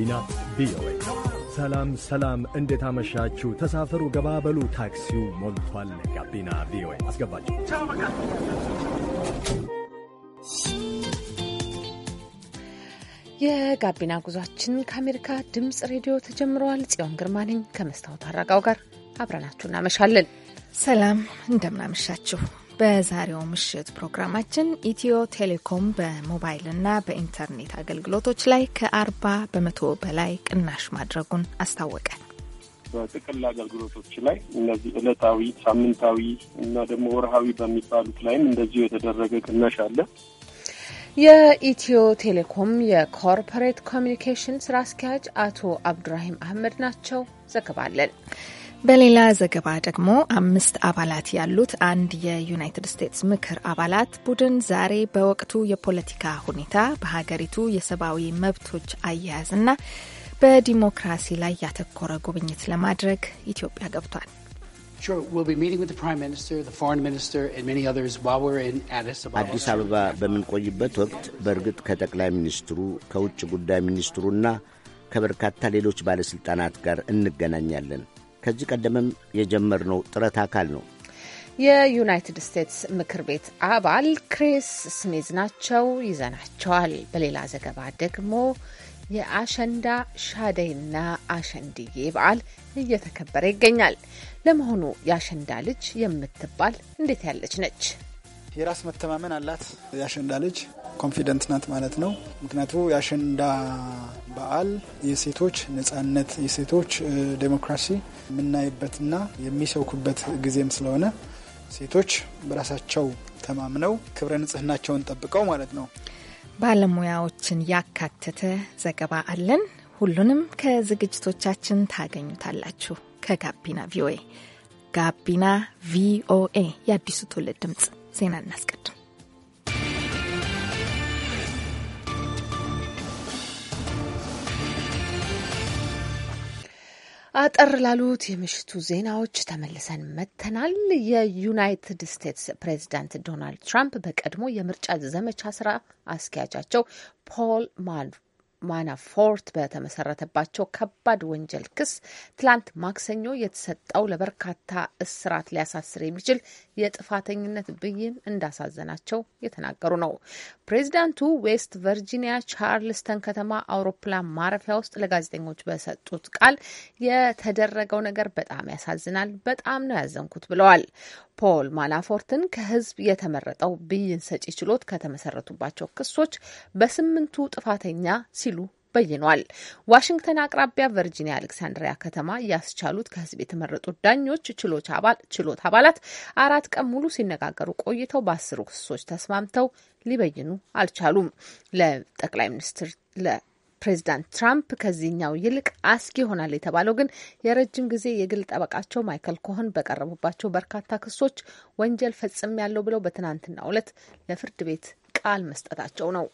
ጋቢና ቪኦኤ። ሰላም ሰላም፣ እንዴት አመሻችሁ? ተሳፈሩ፣ ገባበሉ፣ ታክሲው ሞልቷል። ጋቢና ቪኦኤ አስገባችሁ። የጋቢና ጉዟችን ከአሜሪካ ድምፅ ሬዲዮ ተጀምረዋል። ጽዮን ግርማ ነኝ ከመስታወት አረጋው ጋር አብረናችሁ እናመሻለን። ሰላም እንደምናመሻችሁ በዛሬው ምሽት ፕሮግራማችን ኢትዮ ቴሌኮም በሞባይልና በኢንተርኔት አገልግሎቶች ላይ ከአርባ በመቶ በላይ ቅናሽ ማድረጉን አስታወቀ። በጥቅል አገልግሎቶች ላይ እነዚህ ዕለታዊ፣ ሳምንታዊ እና ደግሞ ወርሃዊ በሚባሉት ላይም እንደዚሁ የተደረገ ቅናሽ አለ። የኢትዮ ቴሌኮም የኮርፖሬት ኮሚኒኬሽን ስራ አስኪያጅ አቶ አብዱራሂም አህመድ ናቸው። ዘገባለን በሌላ ዘገባ ደግሞ አምስት አባላት ያሉት አንድ የዩናይትድ ስቴትስ ምክር አባላት ቡድን ዛሬ በወቅቱ የፖለቲካ ሁኔታ በሀገሪቱ የሰብአዊ መብቶች አያያዝና በዲሞክራሲ ላይ ያተኮረ ጉብኝት ለማድረግ ኢትዮጵያ ገብቷል። አዲስ አበባ በምንቆይበት ወቅት በእርግጥ ከጠቅላይ ሚኒስትሩ ከውጭ ጉዳይ ሚኒስትሩና ከበርካታ ሌሎች ባለሥልጣናት ጋር እንገናኛለን። ከዚህ ቀደምም የጀመርነው ጥረት አካል ነው። የዩናይትድ ስቴትስ ምክር ቤት አባል ክሪስ ስሚዝ ናቸው። ይዘናቸዋል። በሌላ ዘገባ ደግሞ የአሸንዳ ሻደይና አሸንድዬ በዓል እየተከበረ ይገኛል። ለመሆኑ የአሸንዳ ልጅ የምትባል እንዴት ያለች ነች? የራስ መተማመን አላት የአሸንዳ ልጅ ኮንፊደንት ናት ማለት ነው። ምክንያቱ የአሸንዳ በዓል የሴቶች ነጻነት፣ የሴቶች ዴሞክራሲ የምናይበትና የሚሰውኩበት ጊዜም ስለሆነ ሴቶች በራሳቸው ተማምነው ክብረ ንጽህናቸውን ጠብቀው ማለት ነው። ባለሙያዎችን ያካተተ ዘገባ አለን። ሁሉንም ከዝግጅቶቻችን ታገኙታላችሁ። ከጋቢና ቪኦኤ ጋቢና ቪኦኤ የአዲሱ ትውልድ ድምፅ ዜና እናስቀድም። አጠር ላሉት የምሽቱ ዜናዎች ተመልሰን መጥተናል። የዩናይትድ ስቴትስ ፕሬዚዳንት ዶናልድ ትራምፕ በቀድሞ የምርጫ ዘመቻ ስራ አስኪያጃቸው ፖል ማን ማናፎርት በተመሰረተባቸው ከባድ ወንጀል ክስ ትላንት ማክሰኞ የተሰጠው ለበርካታ እስራት ሊያሳስር የሚችል የጥፋተኝነት ብይን እንዳሳዘናቸው የተናገሩ ነው። ፕሬዚዳንቱ ዌስት ቨርጂኒያ ቻርልስተን ከተማ አውሮፕላን ማረፊያ ውስጥ ለጋዜጠኞች በሰጡት ቃል የተደረገው ነገር በጣም ያሳዝናል፣ በጣም ነው ያዘንኩት ብለዋል። ፖል ማናፎርትን ከህዝብ የተመረጠው ብይን ሰጪ ችሎት ከተመሰረቱባቸው ክሶች በስምንቱ ጥፋተኛ ሲሉ በይኗል። ዋሽንግተን አቅራቢያ ቨርጂኒያ አሌክሳንድሪያ ከተማ ያስቻሉት ከህዝብ የተመረጡ ዳኞች ችሎት አባላት አራት ቀን ሙሉ ሲነጋገሩ ቆይተው በአስሩ ክሶች ተስማምተው ሊበይኑ አልቻሉም። ለጠቅላይ ሚኒስትር ፕሬዚዳንት ትራምፕ ከዚህኛው ይልቅ አስጊ ይሆናል የተባለው ግን የረጅም ጊዜ የግል ጠበቃቸው ማይከል ኮሆን በቀረቡባቸው በርካታ ክሶች ወንጀል ፈጽም ያለው ብለው በትናንትናው ዕለት ለፍርድ ቤት ቃል መስጠታቸው ነው።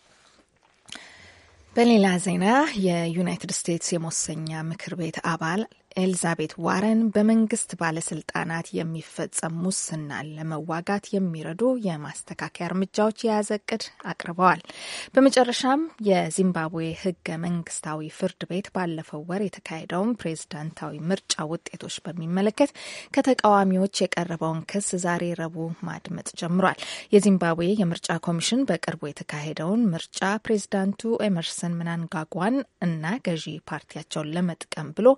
በሌላ ዜና የዩናይትድ ስቴትስ የመወሰኛ ምክር ቤት አባል ኤልዛቤት ዋረን በመንግስት ባለስልጣናት የሚፈጸም ሙስናን ለመዋጋት የሚረዱ የማስተካከያ እርምጃዎች የያዘ እቅድ አቅርበዋል። በመጨረሻም የዚምባብዌ ህገ መንግስታዊ ፍርድ ቤት ባለፈው ወር የተካሄደውን ፕሬዝዳንታዊ ምርጫ ውጤቶች በሚመለከት ከተቃዋሚዎች የቀረበውን ክስ ዛሬ ረቡዕ ማድመጥ ጀምሯል። የዚምባብዌ የምርጫ ኮሚሽን በቅርቡ የተካሄደውን ምርጫ ፕሬዝዳንቱ ኤመርሰን ምናንጋጓን እና ገዢ ፓርቲያቸውን ለመጥቀም ብሎ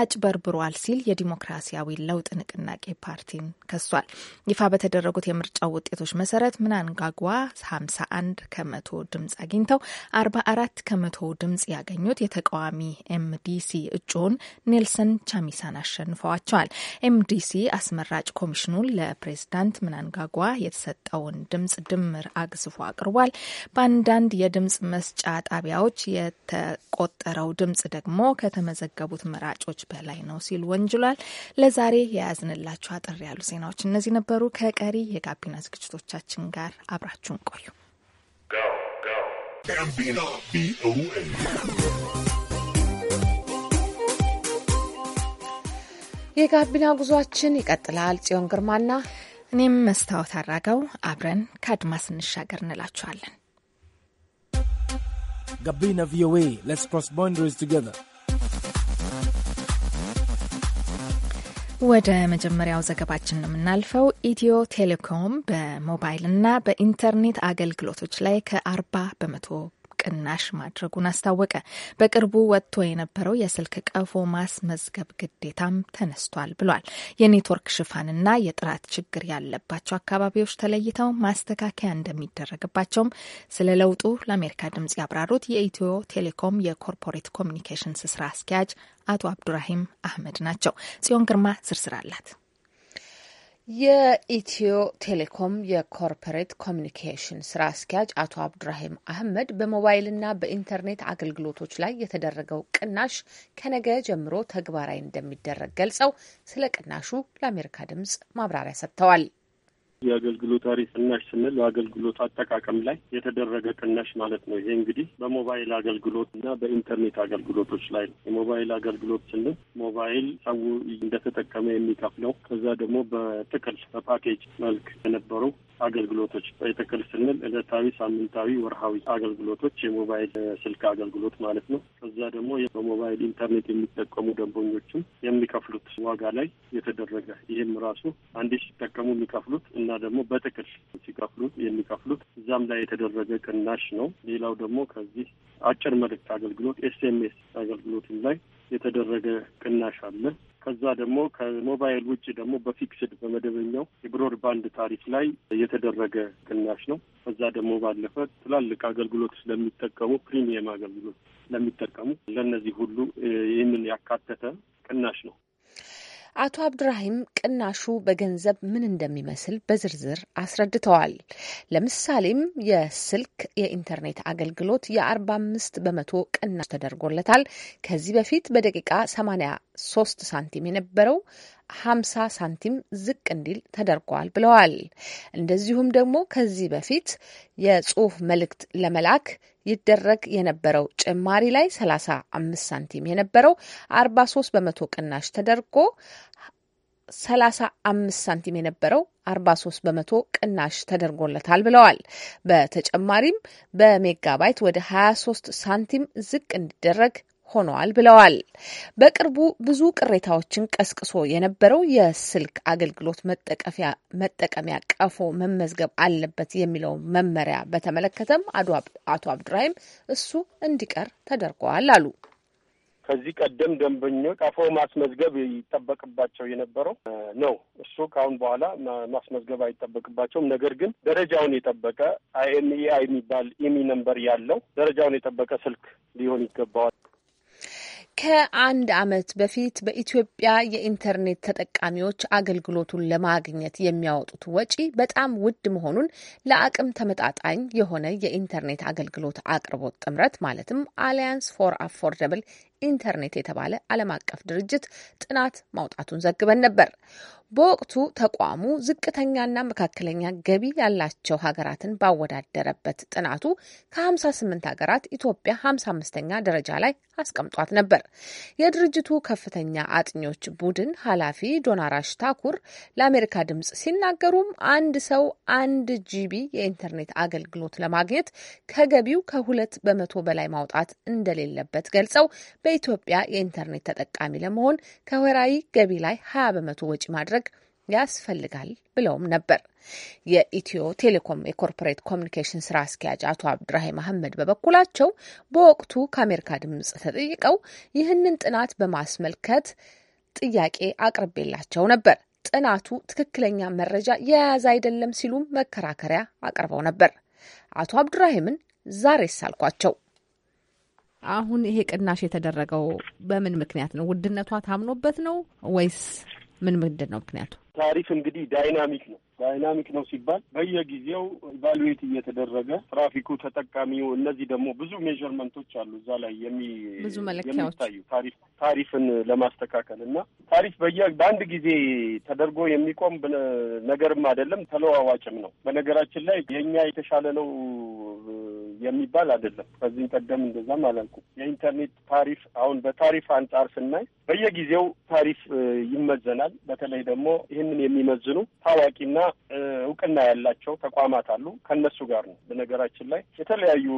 አጭ በርብሯል ሲል የዲሞክራሲያዊ ለውጥ ንቅናቄ ፓርቲን ከሷል። ይፋ በተደረጉት የምርጫው ውጤቶች መሰረት ምናንጋጓ 51 ከመቶ ድምጽ አግኝተው 44 ከመቶ ድምጽ ያገኙት የተቃዋሚ ኤምዲሲ እጩውን ኔልሰን ቻሚሳን አሸንፈዋቸዋል። ኤምዲሲ አስመራጭ ኮሚሽኑ ለፕሬዝዳንት ምናንጋጓ የተሰጠውን ድምጽ ድምር አግዝፎ አቅርቧል። በአንዳንድ የድምጽ መስጫ ጣቢያዎች የተቆጠረው ድምጽ ደግሞ ከተመዘገቡት መራጮች በላይ ላይ ነው ሲል ወንጅሏል። ለዛሬ የያዝንላችሁ አጠር ያሉ ዜናዎች እነዚህ ነበሩ። ከቀሪ የጋቢና ዝግጅቶቻችን ጋር አብራችሁን ቆዩ። የጋቢና ጉዟችን ይቀጥላል። ጽዮን ግርማና እኔም መስታወት አራጋው አብረን ከአድማስ እንሻገር እንላችኋለን። ጋቢና ቪኦኤ ሌትስ ክሮስ ቦንደሪስ ቱጌዘር ወደ መጀመሪያው ዘገባችን ነው የምናልፈው። ኢትዮ ቴሌኮም በሞባይልና በኢንተርኔት አገልግሎቶች ላይ ከ40 በመቶ ቅናሽ ማድረጉን አስታወቀ። በቅርቡ ወጥቶ የነበረው የስልክ ቀፎ ማስመዝገብ ግዴታም ተነስቷል ብሏል። የኔትወርክ ሽፋንና የጥራት ችግር ያለባቸው አካባቢዎች ተለይተው ማስተካከያ እንደሚደረግባቸውም ስለ ለውጡ ለአሜሪካ ድምጽ ያብራሩት የኢትዮ ቴሌኮም የኮርፖሬት ኮሚኒኬሽንስ ስራ አስኪያጅ አቶ አብዱራሂም አህመድ ናቸው። ጽዮን ግርማ ዝርዝር አላት። የኢትዮ ቴሌኮም የኮርፖሬት ኮሚኒኬሽን ስራ አስኪያጅ አቶ አብዱራሂም አህመድ በሞባይልና በኢንተርኔት አገልግሎቶች ላይ የተደረገው ቅናሽ ከነገ ጀምሮ ተግባራዊ እንደሚደረግ ገልጸው ስለ ቅናሹ ለአሜሪካ ድምጽ ማብራሪያ ሰጥተዋል። የአገልግሎት ታሪፍ ቅናሽ ስንል በአገልግሎት አጠቃቀም ላይ የተደረገ ቅናሽ ማለት ነው። ይሄ እንግዲህ በሞባይል አገልግሎት እና በኢንተርኔት አገልግሎቶች ላይ ነው። የሞባይል አገልግሎት ስንል ሞባይል ሰው እንደተጠቀመ የሚከፍለው ከዛ ደግሞ በጥቅል በፓኬጅ መልክ የነበረው አገልግሎቶች በይተክል ስንል ዕለታዊ፣ ሳምንታዊ፣ ወርሃዊ አገልግሎቶች የሞባይል ስልክ አገልግሎት ማለት ነው። ከዛ ደግሞ በሞባይል ኢንተርኔት የሚጠቀሙ ደንበኞችም የሚከፍሉት ዋጋ ላይ የተደረገ ይህም ራሱ አንዴ ሲጠቀሙ የሚከፍሉት እና ደግሞ በትክል ሲከፍሉት የሚከፍሉት እዛም ላይ የተደረገ ቅናሽ ነው። ሌላው ደግሞ ከዚህ አጭር መልእክት አገልግሎት ኤስኤምኤስ አገልግሎትም ላይ የተደረገ ቅናሽ አለ። ከዛ ደግሞ ከሞባይል ውጭ ደግሞ በፊክስድ በመደበኛው የብሮድባንድ ታሪፍ ላይ የተደረገ ቅናሽ ነው። ከዛ ደግሞ ባለፈ ትላልቅ አገልግሎት ስለሚጠቀሙ ፕሪሚየም አገልግሎት ስለሚጠቀሙ ለእነዚህ ሁሉ ይህንን ያካተተ ቅናሽ ነው። አቶ አብድራሂም ቅናሹ በገንዘብ ምን እንደሚመስል በዝርዝር አስረድተዋል። ለምሳሌም የስልክ የኢንተርኔት አገልግሎት የ45 በመቶ ቅናሽ ተደርጎለታል። ከዚህ በፊት በደቂቃ 83 ሳንቲም የነበረው 50 ሳንቲም ዝቅ እንዲል ተደርጓል ብለዋል። እንደዚሁም ደግሞ ከዚህ በፊት የጽሁፍ መልእክት ለመላክ ይደረግ የነበረው ጭማሪ ላይ 35 ሳንቲም የነበረው 43 በመቶ ቅናሽ ተደርጎ 35 ሳንቲም የነበረው 43 በመቶ ቅናሽ ተደርጎለታል ብለዋል። በተጨማሪም በሜጋባይት ወደ 23 ሳንቲም ዝቅ እንዲደረግ ሆነዋል ብለዋል። በቅርቡ ብዙ ቅሬታዎችን ቀስቅሶ የነበረው የስልክ አገልግሎት መጠቀሚያ ቀፎ መመዝገብ አለበት የሚለው መመሪያ በተመለከተም አቶ አብድራሂም እሱ እንዲቀር ተደርገዋል አሉ። ከዚህ ቀደም ደንበኞች ቀፎ ማስመዝገብ ይጠበቅባቸው የነበረው ነው። እሱ ከአሁን በኋላ ማስመዝገብ አይጠበቅባቸውም። ነገር ግን ደረጃውን የጠበቀ አይኤምኤአይ የሚባል ኢሚ ነንበር ያለው ደረጃውን የጠበቀ ስልክ ሊሆን ይገባዋል። ከአንድ ዓመት በፊት በኢትዮጵያ የኢንተርኔት ተጠቃሚዎች አገልግሎቱን ለማግኘት የሚያወጡት ወጪ በጣም ውድ መሆኑን ለአቅም ተመጣጣኝ የሆነ የኢንተርኔት አገልግሎት አቅርቦት ጥምረት ማለትም አሊያንስ ፎር አፎርደብል ኢንተርኔት የተባለ ዓለም አቀፍ ድርጅት ጥናት ማውጣቱን ዘግበን ነበር። በወቅቱ ተቋሙ ዝቅተኛና መካከለኛ ገቢ ያላቸው ሀገራትን ባወዳደረበት ጥናቱ ከ58 ሀገራት ኢትዮጵያ 55ኛ ደረጃ ላይ አስቀምጧት ነበር። የድርጅቱ ከፍተኛ አጥኚዎች ቡድን ኃላፊ ዶናራሽ ታኩር ለአሜሪካ ድምጽ ሲናገሩም አንድ ሰው አንድ ጂቢ የኢንተርኔት አገልግሎት ለማግኘት ከገቢው ከሁለት በመቶ በላይ ማውጣት እንደሌለበት ገልጸው በ በኢትዮጵያ የኢንተርኔት ተጠቃሚ ለመሆን ከወራዊ ገቢ ላይ 20 በመቶ ወጪ ማድረግ ያስፈልጋል ብለውም ነበር። የኢትዮ ቴሌኮም የኮርፖሬት ኮሚኒኬሽን ስራ አስኪያጅ አቶ አብድራሂም አህመድ በበኩላቸው በወቅቱ ከአሜሪካ ድምጽ ተጠይቀው ይህንን ጥናት በማስመልከት ጥያቄ አቅርቤላቸው ነበር። ጥናቱ ትክክለኛ መረጃ የያዘ አይደለም ሲሉም መከራከሪያ አቅርበው ነበር። አቶ አብድራሂምን ዛሬ ሳልኳቸው አሁን ይሄ ቅናሽ የተደረገው በምን ምክንያት ነው? ውድነቷ ታምኖበት ነው ወይስ ምን ምንድን ነው ምክንያቱ? ታሪፍ እንግዲህ ዳይናሚክ ነው። ዳይናሚክ ነው ሲባል በየጊዜው ኢቫሉዌት እየተደረገ ትራፊኩ፣ ተጠቃሚው እነዚህ ደግሞ ብዙ ሜዥርመንቶች አሉ እዛ ላይ ብዙ መለኪያዎች ታሪፍ ታሪፍን ለማስተካከል እና ታሪፍ በየ በአንድ ጊዜ ተደርጎ የሚቆም ነገርም አይደለም፣ ተለዋዋጭም ነው። በነገራችን ላይ የእኛ የተሻለ ነው የሚባል አይደለም። ከዚህም ቀደም እንደዛም አላልኩም። የኢንተርኔት ታሪፍ አሁን በታሪፍ አንጻር ስናይ በየጊዜው ታሪፍ ይመዘናል። በተለይ ደግሞ ይህንን የሚመዝኑ ታዋቂና እውቅና ያላቸው ተቋማት አሉ። ከነሱ ጋር ነው። በነገራችን ላይ የተለያዩ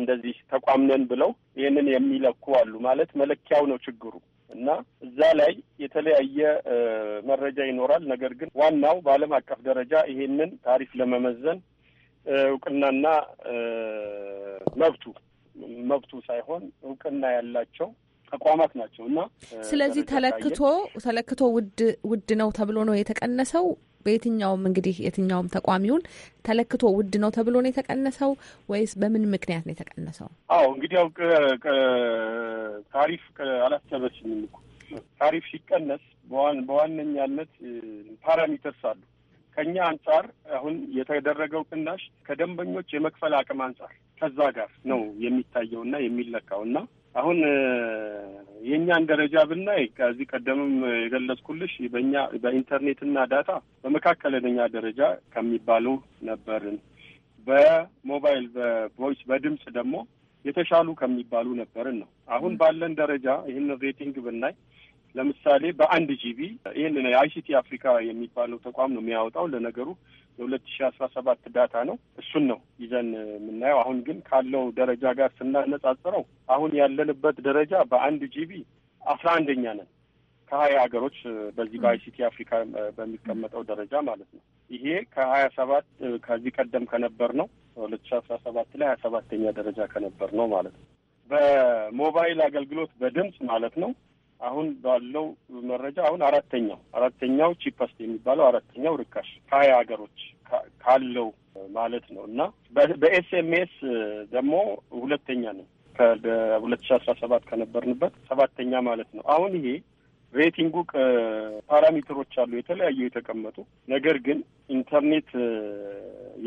እንደዚህ ተቋም ነን ብለው ይህንን የሚለኩ አሉ። ማለት መለኪያው ነው ችግሩ እና እዛ ላይ የተለያየ መረጃ ይኖራል። ነገር ግን ዋናው በዓለም አቀፍ ደረጃ ይሄንን ታሪፍ ለመመዘን እውቅናና መብቱ መብቱ ሳይሆን እውቅና ያላቸው ተቋማት ናቸው እና ስለዚህ ተለክቶ ተለክቶ ውድ ውድ ነው ተብሎ ነው የተቀነሰው። በየትኛውም እንግዲህ የትኛውም ተቋሚውን ተለክቶ ውድ ነው ተብሎ ነው የተቀነሰው ወይስ በምን ምክንያት ነው የተቀነሰው? አዎ እንግዲህ ያው ታሪፍ አላሰበችኝም። ታሪፍ ሲቀነስ በዋነኛነት ፓራሜተርስ አሉ ከእኛ አንጻር አሁን የተደረገው ቅናሽ ከደንበኞች የመክፈል አቅም አንጻር ከዛ ጋር ነው የሚታየው እና የሚለካው እና አሁን የእኛን ደረጃ ብናይ ከዚህ ቀደምም የገለጽኩልሽ በእኛ በኢንተርኔትና ዳታ በመካከለኛ ደረጃ ከሚባሉ ነበርን። በሞባይል በቮይስ በድምፅ ደግሞ የተሻሉ ከሚባሉ ነበርን ነው። አሁን ባለን ደረጃ ይህን ሬቲንግ ብናይ ለምሳሌ በአንድ ጂቢ ይህንን የአይሲቲ አፍሪካ የሚባለው ተቋም ነው የሚያወጣው። ለነገሩ የሁለት ሺ አስራ ሰባት ዳታ ነው። እሱን ነው ይዘን የምናየው። አሁን ግን ካለው ደረጃ ጋር ስናነጻጽረው አሁን ያለንበት ደረጃ በአንድ ጂቢ አስራ አንደኛ ነን ከሀያ ሀገሮች በዚህ በአይሲቲ አፍሪካ በሚቀመጠው ደረጃ ማለት ነው። ይሄ ከሀያ ሰባት ከዚህ ቀደም ከነበር ነው ሁለት ሺ አስራ ሰባት ላይ ሀያ ሰባተኛ ደረጃ ከነበር ነው ማለት ነው። በሞባይል አገልግሎት በድምፅ ማለት ነው አሁን ባለው መረጃ አሁን አራተኛው አራተኛው ቺፐስት የሚባለው አራተኛው ርካሽ ከሀያ ሀገሮች ካለው ማለት ነው እና በኤስኤምኤስ ደግሞ ሁለተኛ ነው ከሁለት ሺ አስራ ሰባት ከነበርንበት ሰባተኛ ማለት ነው። አሁን ይሄ ሬቲንጉ ፓራሜትሮች አሉ የተለያዩ የተቀመጡ ነገር ግን ኢንተርኔት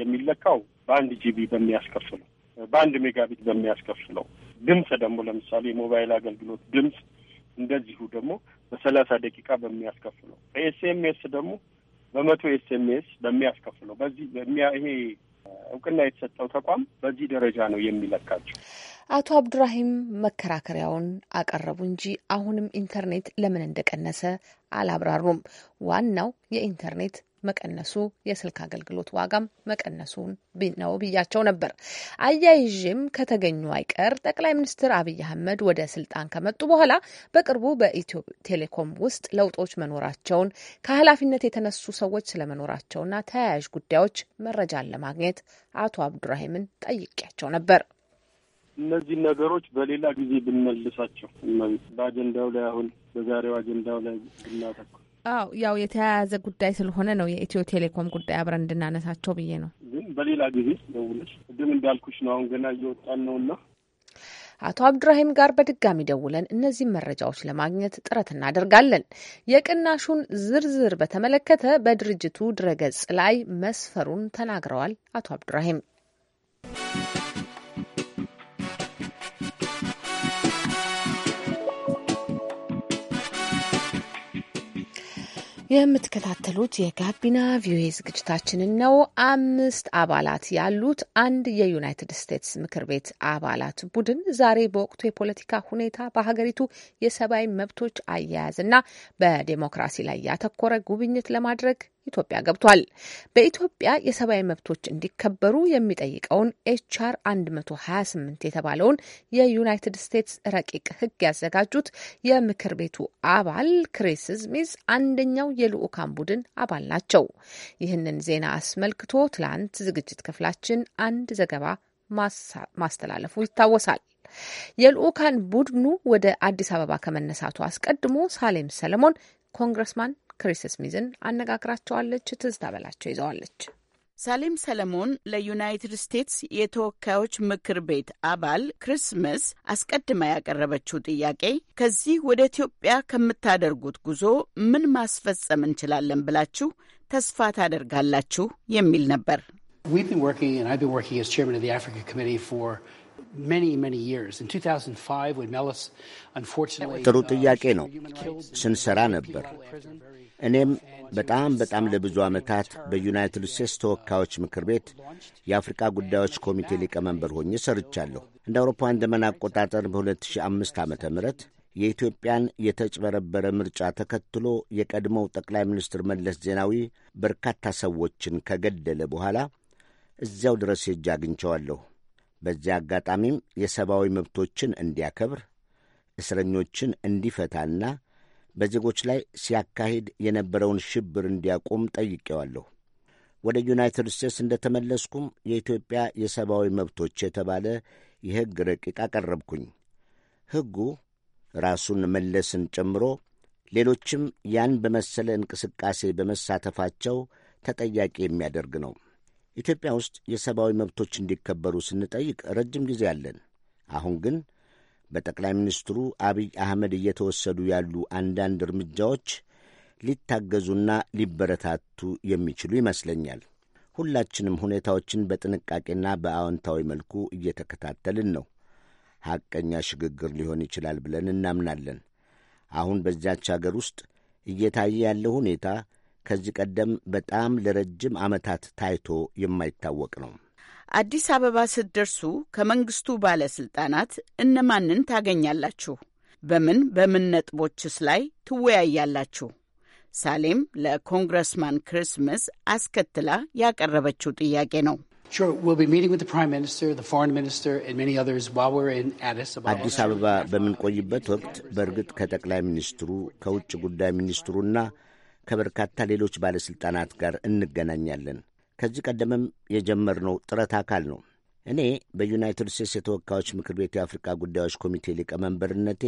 የሚለካው በአንድ ጂቢ በሚያስከፍለው በአንድ ሜጋቢት በሚያስከፍለው ድምፅ ደግሞ ለምሳሌ የሞባይል አገልግሎት ድምፅ እንደዚሁ ደግሞ በሰላሳ ደቂቃ በሚያስከፍለው በኤስኤምኤስ ደግሞ በመቶ ኤስኤምኤስ በሚያስከፍለው በዚህ ይሄ እውቅና የተሰጠው ተቋም በዚህ ደረጃ ነው የሚለካቸው። አቶ አብዱራሂም መከራከሪያውን አቀረቡ እንጂ አሁንም ኢንተርኔት ለምን እንደቀነሰ አላብራሩም። ዋናው የኢንተርኔት መቀነሱ፣ የስልክ አገልግሎት ዋጋም መቀነሱን ነው ብያቸው ነበር። አያይዥም ከተገኙ አይቀር ጠቅላይ ሚኒስትር አብይ አህመድ ወደ ስልጣን ከመጡ በኋላ በቅርቡ በኢትዮ ቴሌኮም ውስጥ ለውጦች መኖራቸውን ከኃላፊነት የተነሱ ሰዎች ስለመኖራቸውና ተያያዥ ጉዳዮች መረጃን ለማግኘት አቶ አብዱራሂምን ጠይቄያቸው ነበር። እነዚህ ነገሮች በሌላ ጊዜ ብንመልሳቸው በአጀንዳው ላይ አሁን በዛሬው አጀንዳው ላይ ብናተኩር አዎ ያው የተያያዘ ጉዳይ ስለሆነ ነው የኢትዮ ቴሌኮም ጉዳይ አብረን እንድናነሳቸው ብዬ ነው። ግን በሌላ ጊዜ ደውለሽ ቅድም እንዳልኩሽ ነው። አሁን ገና እየወጣን ነውና አቶ አብዱራሂም ጋር በድጋሚ ደውለን እነዚህ መረጃዎች ለማግኘት ጥረት እናደርጋለን። የቅናሹን ዝርዝር በተመለከተ በድርጅቱ ድረገጽ ላይ መስፈሩን ተናግረዋል አቶ አብዱራሂም። የምትከታተሉት የጋቢና ቪዮኤ ዝግጅታችንን ነው። አምስት አባላት ያሉት አንድ የዩናይትድ ስቴትስ ምክር ቤት አባላት ቡድን ዛሬ በወቅቱ የፖለቲካ ሁኔታ በሀገሪቱ የሰብአዊ መብቶች አያያዝና በዴሞክራሲ ላይ ያተኮረ ጉብኝት ለማድረግ ኢትዮጵያ ገብቷል። በኢትዮጵያ የሰብአዊ መብቶች እንዲከበሩ የሚጠይቀውን ኤችአር 128 የተባለውን የዩናይትድ ስቴትስ ረቂቅ ሕግ ያዘጋጁት የምክር ቤቱ አባል ክሪስ ስሚዝ አንደኛው የልዑካን ቡድን አባል ናቸው። ይህንን ዜና አስመልክቶ ትላንት ዝግጅት ክፍላችን አንድ ዘገባ ማስተላለፉ ይታወሳል። የልዑካን ቡድኑ ወደ አዲስ አበባ ከመነሳቱ አስቀድሞ ሳሌም ሰለሞን ኮንግረስማን ክሪስ ስሚዝን አነጋግራቸዋለች። ትዝታ በላቸው ይዘዋለች። ሳሊም ሰለሞን ለዩናይትድ ስቴትስ የተወካዮች ምክር ቤት አባል ክርስመስ አስቀድማ ያቀረበችው ጥያቄ ከዚህ ወደ ኢትዮጵያ ከምታደርጉት ጉዞ ምን ማስፈጸም እንችላለን ብላችሁ ተስፋ ታደርጋላችሁ የሚል ነበር። ጥሩ ጥያቄ ነው። uh, ስንሰራ ነበር እኔም በጣም በጣም ለብዙ ዓመታት በዩናይትድ ስቴትስ ተወካዮች ምክር ቤት የአፍሪቃ ጉዳዮች ኮሚቴ ሊቀመንበር ሆኜ ሰርቻለሁ። እንደ አውሮፓውያን ዘመን አቆጣጠር በ2005 ዓ ም የኢትዮጵያን የተጭበረበረ ምርጫ ተከትሎ የቀድሞው ጠቅላይ ሚኒስትር መለስ ዜናዊ በርካታ ሰዎችን ከገደለ በኋላ እዚያው ድረስ ሄጄ አግኝቸዋለሁ። በዚያ አጋጣሚም የሰብአዊ መብቶችን እንዲያከብር እስረኞችን እንዲፈታና በዜጎች ላይ ሲያካሂድ የነበረውን ሽብር እንዲያቆም ጠይቄዋለሁ። ወደ ዩናይትድ ስቴትስ እንደተመለስኩም የኢትዮጵያ የሰብአዊ መብቶች የተባለ የሕግ ረቂቅ አቀረብኩኝ። ሕጉ ራሱን መለስን ጨምሮ ሌሎችም ያን በመሰለ እንቅስቃሴ በመሳተፋቸው ተጠያቂ የሚያደርግ ነው። ኢትዮጵያ ውስጥ የሰብአዊ መብቶች እንዲከበሩ ስንጠይቅ ረጅም ጊዜ አለን። አሁን ግን በጠቅላይ ሚኒስትሩ አብይ አህመድ እየተወሰዱ ያሉ አንዳንድ እርምጃዎች ሊታገዙና ሊበረታቱ የሚችሉ ይመስለኛል። ሁላችንም ሁኔታዎችን በጥንቃቄና በአዎንታዊ መልኩ እየተከታተልን ነው። ሐቀኛ ሽግግር ሊሆን ይችላል ብለን እናምናለን። አሁን በዚያች አገር ውስጥ እየታየ ያለው ሁኔታ ከዚህ ቀደም በጣም ለረጅም ዓመታት ታይቶ የማይታወቅ ነው። አዲስ አበባ ስትደርሱ ከመንግስቱ ባለስልጣናት እነማንን ታገኛላችሁ? በምን በምን ነጥቦችስ ላይ ትወያያላችሁ? ሳሌም ለኮንግረስማን ክርስመስ አስከትላ ያቀረበችው ጥያቄ ነው። አዲስ አበባ በምንቆይበት ወቅት በእርግጥ ከጠቅላይ ሚኒስትሩ ከውጭ ጉዳይ ሚኒስትሩና ከበርካታ ሌሎች ባለሥልጣናት ጋር እንገናኛለን። ከዚህ ቀደምም የጀመርነው ጥረት አካል ነው። እኔ በዩናይትድ ስቴትስ የተወካዮች ምክር ቤት የአፍሪካ ጉዳዮች ኮሚቴ ሊቀመንበርነቴ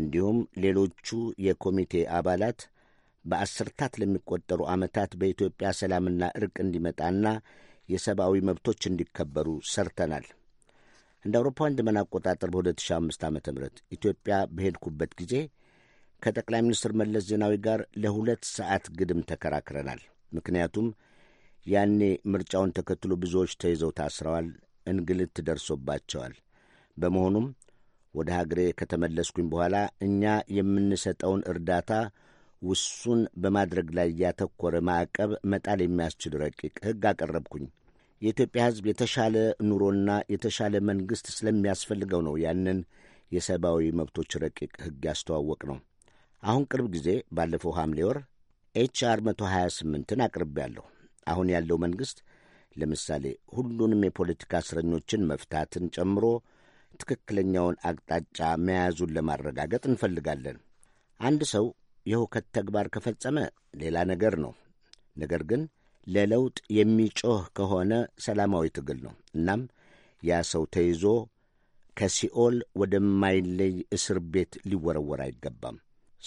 እንዲሁም ሌሎቹ የኮሚቴ አባላት በአስርታት ለሚቆጠሩ ዓመታት በኢትዮጵያ ሰላምና እርቅ እንዲመጣና የሰብአዊ መብቶች እንዲከበሩ ሰርተናል። እንደ አውሮፓውያን ዘመን አቆጣጠር በ2005 ዓ ም ኢትዮጵያ በሄድኩበት ጊዜ ከጠቅላይ ሚኒስትር መለስ ዜናዊ ጋር ለሁለት ሰዓት ግድም ተከራክረናል። ምክንያቱም ያኔ ምርጫውን ተከትሎ ብዙዎች ተይዘው ታስረዋል፣ እንግልት ደርሶባቸዋል። በመሆኑም ወደ ሀገሬ ከተመለስኩኝ በኋላ እኛ የምንሰጠውን እርዳታ ውሱን በማድረግ ላይ ያተኮረ ማዕቀብ መጣል የሚያስችል ረቂቅ ሕግ አቀረብኩኝ። የኢትዮጵያ ሕዝብ የተሻለ ኑሮና የተሻለ መንግሥት ስለሚያስፈልገው ነው ያንን የሰብአዊ መብቶች ረቂቅ ሕግ ያስተዋወቅ ነው። አሁን ቅርብ ጊዜ ባለፈው ሐምሌ ወር ኤችአር 128ን አቅርቤያለሁ። አሁን ያለው መንግሥት ለምሳሌ ሁሉንም የፖለቲካ እስረኞችን መፍታትን ጨምሮ ትክክለኛውን አቅጣጫ መያዙን ለማረጋገጥ እንፈልጋለን። አንድ ሰው የሁከት ተግባር ከፈጸመ ሌላ ነገር ነው። ነገር ግን ለለውጥ የሚጮህ ከሆነ ሰላማዊ ትግል ነው። እናም ያ ሰው ተይዞ ከሲኦል ወደማይለይ እስር ቤት ሊወረወር አይገባም።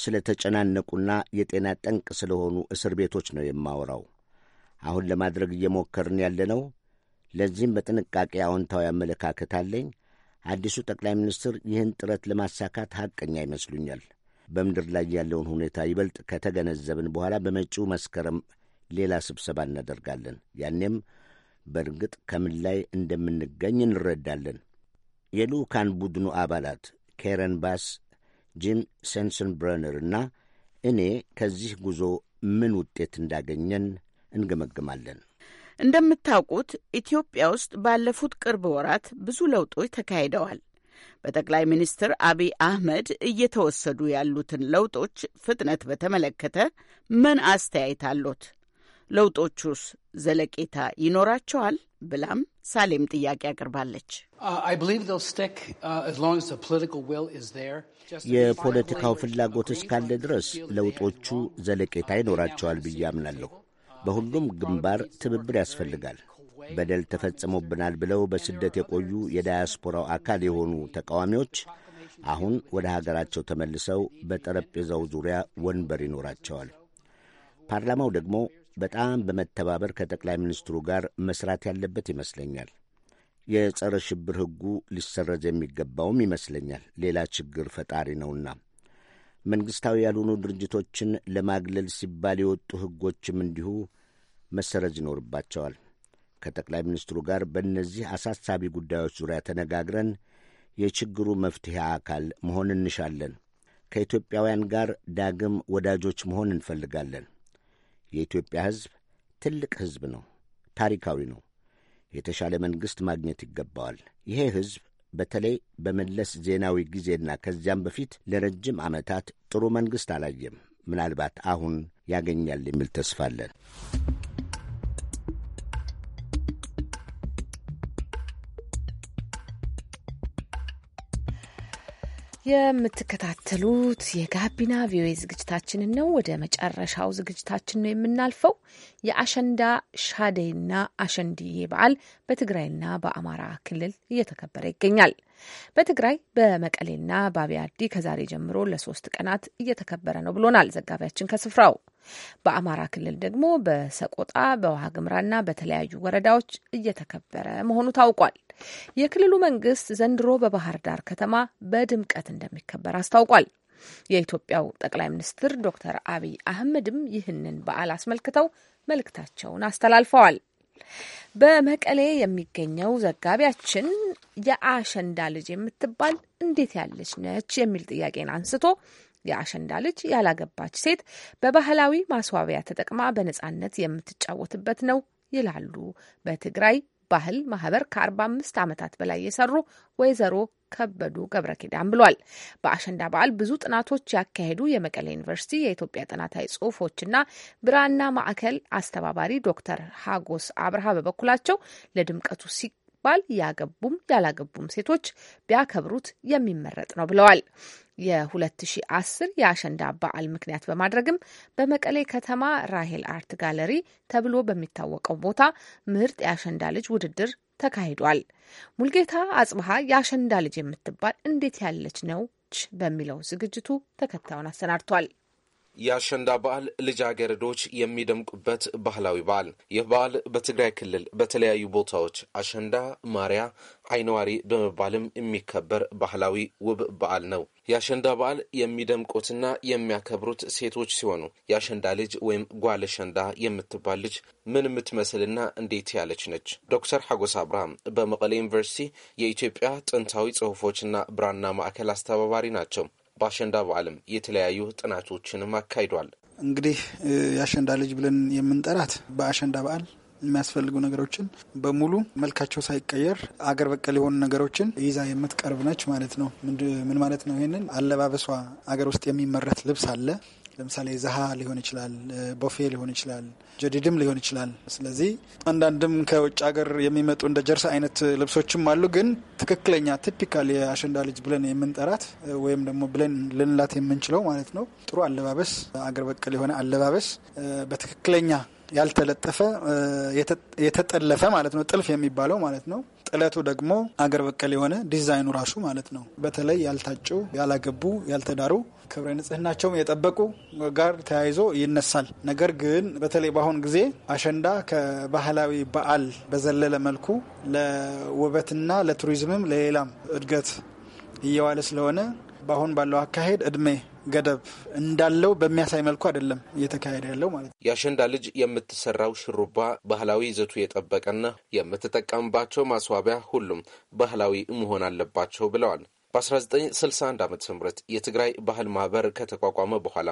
ስለ ተጨናነቁና የጤና ጠንቅ ስለሆኑ እስር ቤቶች ነው የማወራው። አሁን ለማድረግ እየሞከርን ያለነው። ለዚህም በጥንቃቄ አዎንታዊ አመለካከት አለኝ። አዲሱ ጠቅላይ ሚኒስትር ይህን ጥረት ለማሳካት ሐቀኛ ይመስሉኛል። በምድር ላይ ያለውን ሁኔታ ይበልጥ ከተገነዘብን በኋላ በመጪው መስከረም ሌላ ስብሰባ እናደርጋለን። ያኔም በእርግጥ ከምን ላይ እንደምንገኝ እንረዳለን። የልዑካን ቡድኑ አባላት ኬረን ባስ፣ ጂም ብረነር እና እኔ ከዚህ ጉዞ ምን ውጤት እንዳገኘን እንገመግማለን። እንደምታውቁት ኢትዮጵያ ውስጥ ባለፉት ቅርብ ወራት ብዙ ለውጦች ተካሂደዋል። በጠቅላይ ሚኒስትር አቢይ አህመድ እየተወሰዱ ያሉትን ለውጦች ፍጥነት በተመለከተ ምን አስተያየት አሎት? ለውጦቹስ ዘለቄታ ይኖራቸዋል? ብላም ሳሌም ጥያቄ አቅርባለች። uh, የፖለቲካው ፍላጎት እስካለ ድረስ ለውጦቹ ዘለቄታ ይኖራቸዋል ብዬ አምናለሁ። በሁሉም ግንባር ትብብር ያስፈልጋል። በደል ተፈጽሞብናል ብለው በስደት የቆዩ የዳያስፖራው አካል የሆኑ ተቃዋሚዎች አሁን ወደ ሀገራቸው ተመልሰው በጠረጴዛው ዙሪያ ወንበር ይኖራቸዋል። ፓርላማው ደግሞ በጣም በመተባበር ከጠቅላይ ሚኒስትሩ ጋር መስራት ያለበት ይመስለኛል። የጸረ ሽብር ሕጉ ሊሰረዝ የሚገባውም ይመስለኛል። ሌላ ችግር ፈጣሪ ነውና መንግሥታዊ ያልሆኑ ድርጅቶችን ለማግለል ሲባል የወጡ ሕጎችም እንዲሁ መሰረዝ ይኖርባቸዋል። ከጠቅላይ ሚኒስትሩ ጋር በእነዚህ አሳሳቢ ጉዳዮች ዙሪያ ተነጋግረን የችግሩ መፍትሄ አካል መሆን እንሻለን። ከኢትዮጵያውያን ጋር ዳግም ወዳጆች መሆን እንፈልጋለን። የኢትዮጵያ ሕዝብ ትልቅ ሕዝብ ነው። ታሪካዊ ነው። የተሻለ መንግሥት ማግኘት ይገባዋል። ይሄ ሕዝብ በተለይ በመለስ ዜናዊ ጊዜና ከዚያም በፊት ለረጅም ዓመታት ጥሩ መንግሥት አላየም። ምናልባት አሁን ያገኛል የሚል ተስፋ አለን። የምትከታተሉት የጋቢና ቪኦኤ ዝግጅታችንን ነው። ወደ መጨረሻው ዝግጅታችን ነው የምናልፈው። የአሸንዳ ሻዴና አሸንድዬ በዓል በትግራይና በአማራ ክልል እየተከበረ ይገኛል። በትግራይ በመቀሌና በአብያዲ ከዛሬ ጀምሮ ለሶስት ቀናት እየተከበረ ነው ብሎናል ዘጋቢያችን ከስፍራው። በአማራ ክልል ደግሞ በሰቆጣ በዋግምራና በተለያዩ ወረዳዎች እየተከበረ መሆኑ ታውቋል። የክልሉ መንግስት ዘንድሮ በባህር ዳር ከተማ በድምቀት እንደሚከበር አስታውቋል። የኢትዮጵያው ጠቅላይ ሚኒስትር ዶክተር አብይ አህመድም ይህንን በዓል አስመልክተው መልእክታቸውን አስተላልፈዋል። በመቀሌ የሚገኘው ዘጋቢያችን የአሸንዳ ልጅ የምትባል እንዴት ያለች ነች የሚል ጥያቄን አንስቶ የአሸንዳ ልጅ ያላገባች ሴት በባህላዊ ማስዋቢያ ተጠቅማ በነጻነት የምትጫወትበት ነው ይላሉ በትግራይ ባህል ማህበር ከ45 ዓመታት በላይ የሰሩ ወይዘሮ ከበዱ ገብረ ኪዳን ብሏል። በአሸንዳ በዓል ብዙ ጥናቶች ያካሄዱ የመቀሌ ዩኒቨርሲቲ የኢትዮጵያ ጥናታዊ ጽሁፎችና ብራና ማዕከል አስተባባሪ ዶክተር ሀጎስ አብርሃ በበኩላቸው ለድምቀቱ ሲባል ያገቡም ያላገቡም ሴቶች ቢያከብሩት የሚመረጥ ነው ብለዋል። የ2010 የአሸንዳ በዓል ምክንያት በማድረግም በመቀሌ ከተማ ራሄል አርት ጋለሪ ተብሎ በሚታወቀው ቦታ ምርጥ የአሸንዳ ልጅ ውድድር ተካሂዷል። ሙልጌታ አጽብሃ የአሸንዳ ልጅ የምትባል እንዴት ያለች ነው በሚለው ዝግጅቱ ተከታዩን አሰናድቷል። የአሸንዳ በዓል ልጃገረዶች የሚደምቁበት ባህላዊ በዓል። ይህ በዓል በትግራይ ክልል በተለያዩ ቦታዎች አሸንዳ ማርያ አይነዋሪ በመባልም የሚከበር ባህላዊ ውብ በዓል ነው። የአሸንዳ በዓል የሚደምቁትና የሚያከብሩት ሴቶች ሲሆኑ የአሸንዳ ልጅ ወይም ጓል የምትባል ልጅ ምን የምትመስልና እንዴት ያለች ነች? ዶክተር ሐጎስ አብርሃም በመቀሌ ዩኒቨርሲቲ የኢትዮጵያ ጥንታዊ ጽሑፎችና ብራና ማዕከል አስተባባሪ ናቸው። በአሸንዳ በዓልም የተለያዩ ጥናቶችንም አካሂዷል። እንግዲህ የአሸንዳ ልጅ ብለን የምንጠራት በአሸንዳ በዓል የሚያስፈልጉ ነገሮችን በሙሉ መልካቸው ሳይቀየር አገር በቀል የሆኑ ነገሮችን ይዛ የምትቀርብ ነች ማለት ነው። ምን ማለት ነው? ይህንን አለባበሷ አገር ውስጥ የሚመረት ልብስ አለ። ለምሳሌ ዝሃ ሊሆን ይችላል፣ ቦፌ ሊሆን ይችላል፣ ጀዲድም ሊሆን ይችላል። ስለዚህ አንዳንድም ከውጭ ሀገር የሚመጡ እንደ ጀርሳ አይነት ልብሶችም አሉ። ግን ትክክለኛ ቲፒካል የአሸንዳ ልጅ ብለን የምንጠራት ወይም ደግሞ ብለን ልንላት የምንችለው ማለት ነው ጥሩ አለባበስ፣ አገር በቀል የሆነ አለባበስ በትክክለኛ ያልተለጠፈ የተጠለፈ ማለት ነው። ጥልፍ የሚባለው ማለት ነው። ጥለቱ ደግሞ አገር በቀል የሆነ ዲዛይኑ ራሱ ማለት ነው። በተለይ ያልታጩ፣ ያላገቡ፣ ያልተዳሩ ክብረ ንጽህናቸውም የጠበቁ ጋር ተያይዞ ይነሳል። ነገር ግን በተለይ በአሁን ጊዜ አሸንዳ ከባህላዊ በዓል በዘለለ መልኩ ለውበትና ለቱሪዝምም ለሌላም እድገት እየዋለ ስለሆነ በአሁን ባለው አካሄድ እድሜ ገደብ እንዳለው በሚያሳይ መልኩ አይደለም እየተካሄደ ያለው ማለት ነው። የአሸንዳ ልጅ የምትሰራው ሽሩባ ባህላዊ ይዘቱ የጠበቀና የምትጠቀምባቸው ማስዋቢያ ሁሉም ባህላዊ መሆን አለባቸው ብለዋል በ1961 ዓ ም የትግራይ ባህል ማህበር ከተቋቋመ በኋላ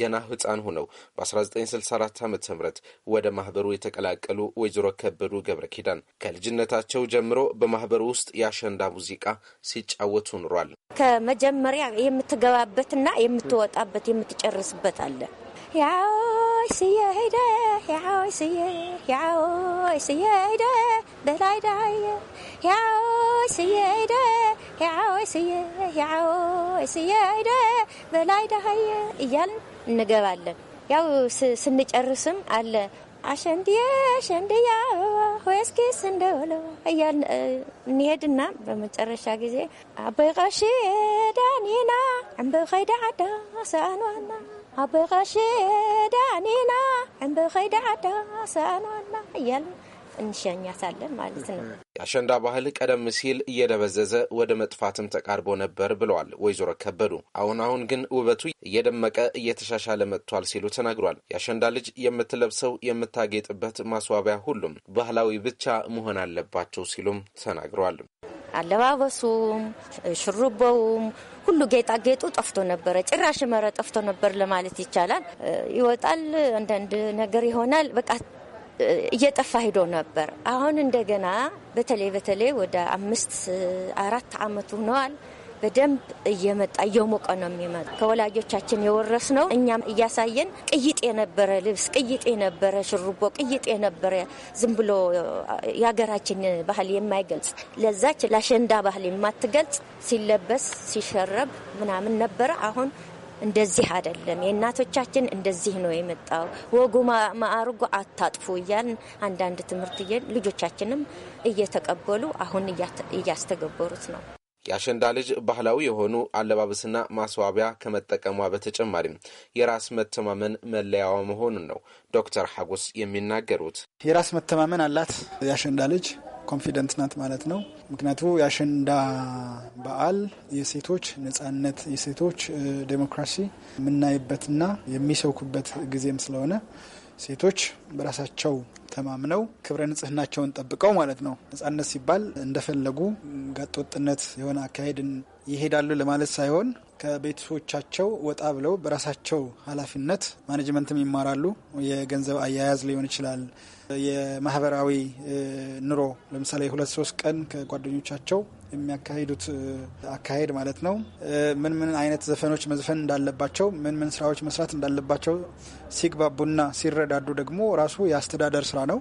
ገና ህፃን ሆነው በ1964 ዓ ም ወደ ማህበሩ የተቀላቀሉ ወይዘሮ ከበዱ ገብረ ኪዳን ከልጅነታቸው ጀምሮ በማህበሩ ውስጥ የአሸንዳ ሙዚቃ ሲጫወቱ ኑሯል። ከመጀመሪያ የምትገባበትና የምትወጣበት የምትጨርስበት አለ ያው በላይ ዳሀየ እያልን እንገባለን። ያው ስንጨርስም አለ አሸንድዬ አሸንድያ ወስኪ ስንደውለ እያልን እንሄድና በመጨረሻ ጊዜ አበይ ዳኒና ዕምብ ኸይዳ ዓዳ ሰአንዋና አበቃሽ እንሸኛታለን ማለት ነው። የአሸንዳ ባህል ቀደም ሲል እየደበዘዘ ወደ መጥፋትም ተቃርቦ ነበር ብለዋል ወይዘሮ ከበዱ። አሁን አሁን ግን ውበቱ እየደመቀ እየተሻሻለ መጥቷል ሲሉ ተናግሯል። የአሸንዳ ልጅ የምትለብሰው የምታጌጥበት ማስዋቢያ ሁሉም ባህላዊ ብቻ መሆን አለባቸው ሲሉም ተናግሯል። አለባበሱም ሽሩበውም ሁሉ ጌጣጌጡ ጠፍቶ ነበረ። ጭራሽ መረ ጠፍቶ ነበር ለማለት ይቻላል። ይወጣል፣ አንዳንድ ነገር ይሆናል። በቃ እየጠፋ ሂዶ ነበር። አሁን እንደገና በተለይ በተለይ ወደ አምስት አራት አመት ሆነዋል። በደንብ እየመጣ እየሞቀ ነው የሚመጣ ከወላጆቻችን የወረስ ነው። እኛም እያሳየን ቅይጥ የነበረ ልብስ፣ ቅይጥ የነበረ ሽሩቦ፣ ቅይጥ የነበረ ዝም ብሎ የሀገራችን ባህል የማይገልጽ ለዛች ለአሸንዳ ባህል የማትገልጽ ሲለበስ ሲሸረብ ምናምን ነበረ አሁን እንደዚህ አይደለም። የእናቶቻችን እንደዚህ ነው የመጣው ወጉ ማዕርጉ አታጥፉ እያልን አንዳንድ ትምህርት ልጆቻችንም እየተቀበሉ አሁን እያስተገበሩት ነው። የአሸንዳ ልጅ ባህላዊ የሆኑ አለባበስና ማስዋቢያ ከመጠቀሟ በተጨማሪም የራስ መተማመን መለያዋ መሆኑን ነው ዶክተር ሐጎስ የሚናገሩት። የራስ መተማመን አላት የአሸንዳ ልጅ ኮንፊደንት ናት ማለት ነው። ምክንያቱ የአሸንዳ በዓል የሴቶች ነጻነት፣ የሴቶች ዴሞክራሲ የምናይበትና የሚሰውኩበት ጊዜም ስለሆነ ሴቶች በራሳቸው ተማምነው ክብረ ንጽህናቸውን ጠብቀው ማለት ነው። ነጻነት ሲባል እንደፈለጉ ጋጠወጥነት የሆነ አካሄድን ይሄዳሉ ለማለት ሳይሆን ከቤተሰቦቻቸው ወጣ ብለው በራሳቸው ኃላፊነት ማኔጅመንትም ይማራሉ። የገንዘብ አያያዝ ሊሆን ይችላል። የማህበራዊ ኑሮ ለምሳሌ ሁለት ሶስት ቀን ከጓደኞቻቸው የሚያካሂዱት አካሄድ ማለት ነው። ምን ምን አይነት ዘፈኖች መዝፈን እንዳለባቸው፣ ምን ምን ስራዎች መስራት እንዳለባቸው ሲግባቡና ሲረዳዱ ደግሞ ራሱ የአስተዳደር ስራ ነው።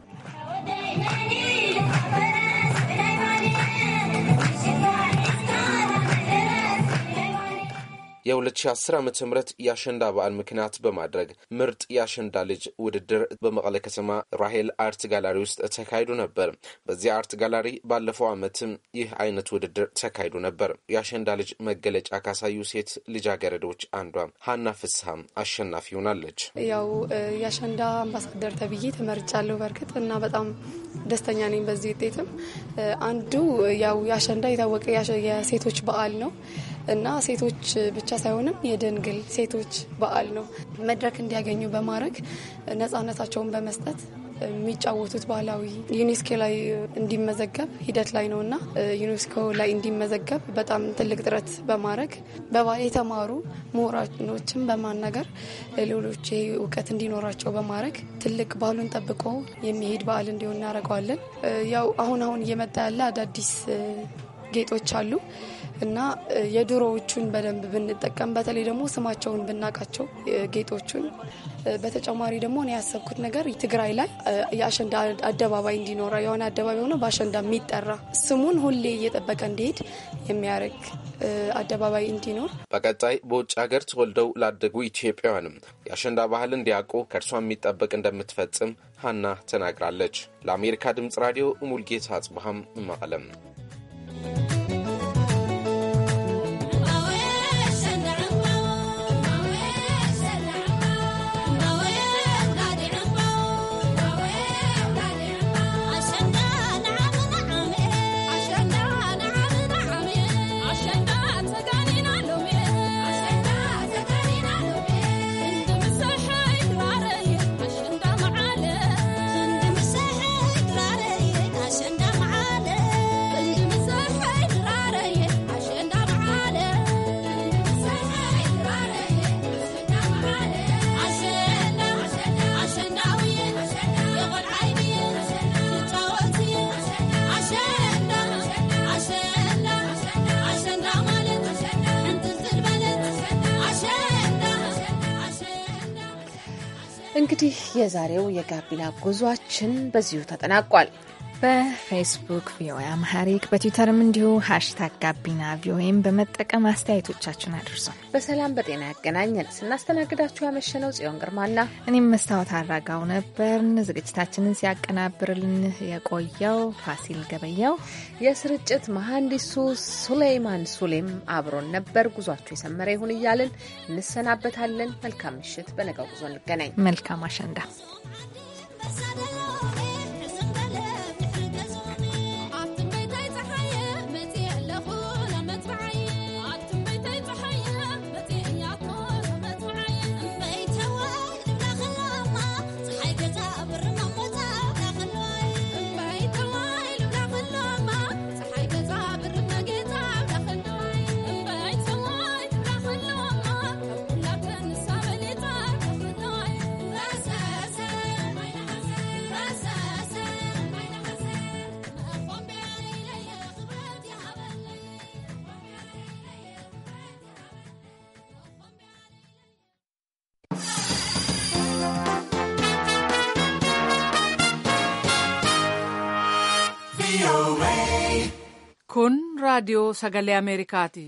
የ2010 ዓ ም የአሸንዳ በዓል ምክንያት በማድረግ ምርጥ የአሸንዳ ልጅ ውድድር በመቀለ ከተማ ራሄል አርት ጋላሪ ውስጥ ተካሂዶ ነበር። በዚህ አርት ጋላሪ ባለፈው ዓመትም ይህ አይነት ውድድር ተካሂዶ ነበር። የአሸንዳ ልጅ መገለጫ ካሳዩ ሴት ልጃገረዶች አንዷ ሀና ፍስሀም አሸናፊ ሆናለች። ያው የአሸንዳ አምባሳደር ተብዬ ተመርጫለሁ። በእርግጥ እና በጣም ደስተኛ ነኝ በዚህ ውጤትም። አንዱ ያው የአሸንዳ የታወቀ የሴቶች በዓል ነው። እና ሴቶች ብቻ ሳይሆንም የደንግል ሴቶች በዓል ነው። መድረክ እንዲያገኙ በማድረግ ነፃነታቸውን በመስጠት የሚጫወቱት ባህላዊ ዩኔስኮ ላይ እንዲመዘገብ ሂደት ላይ ነው እና ዩኔስኮ ላይ እንዲመዘገብ በጣም ትልቅ ጥረት በማድረግ በባህል የተማሩ ምሁራኖችን በማናገር ሌሎች እውቀት እንዲኖራቸው በማድረግ ትልቅ ባህሉን ጠብቆ የሚሄድ በዓል እንዲሆን እናደርገዋለን። ያው አሁን አሁን እየመጣ ያለ አዳዲስ ጌጦች አሉ እና የድሮዎቹን በደንብ ብንጠቀም በተለይ ደግሞ ስማቸውን ብናውቃቸው ጌጦቹን። በተጨማሪ ደግሞ እኔ ያሰብኩት ነገር ትግራይ ላይ የአሸንዳ አደባባይ እንዲኖረ የሆነ አደባባይ ሆኖ በአሸንዳ የሚጠራ ስሙን ሁሌ እየጠበቀ እንዲሄድ የሚያደርግ አደባባይ እንዲኖር፣ በቀጣይ በውጭ ሀገር ተወልደው ላደጉ ኢትዮጵያውያንም የአሸንዳ ባህል እንዲያውቁ ከእርሷ የሚጠበቅ እንደምትፈጽም ሀና ተናግራለች። ለአሜሪካ ድምጽ ራዲዮ ሙልጌታ አጽብሃም መቀለም የዛሬው የጋቢና ጉዟችን በዚሁ ተጠናቋል። በፌስቡክ ቪኦኤ አምሃሪክ በትዊተርም እንዲሁ ሀሽታግ ጋቢና ቪኦኤም በመጠቀም አስተያየቶቻችሁን አድርሱን። በሰላም በጤና ያገናኘን። ስናስተናግዳችሁ ያመሸነው ጽዮን ግርማና እኔም መስታወት አራጋው ነበርን። ዝግጅታችንን ሲያቀናብርልን የቆየው ፋሲል ገበያው፣ የስርጭት መሐንዲሱ ሱሌይማን ሱሌም አብሮን ነበር። ጉዟችሁ የሰመረ ይሁን እያልን እንሰናበታለን። መልካም ምሽት። በነገው ጉዞ እንገናኝ። መልካም አሸንዳ दो सगले अमेरिका थी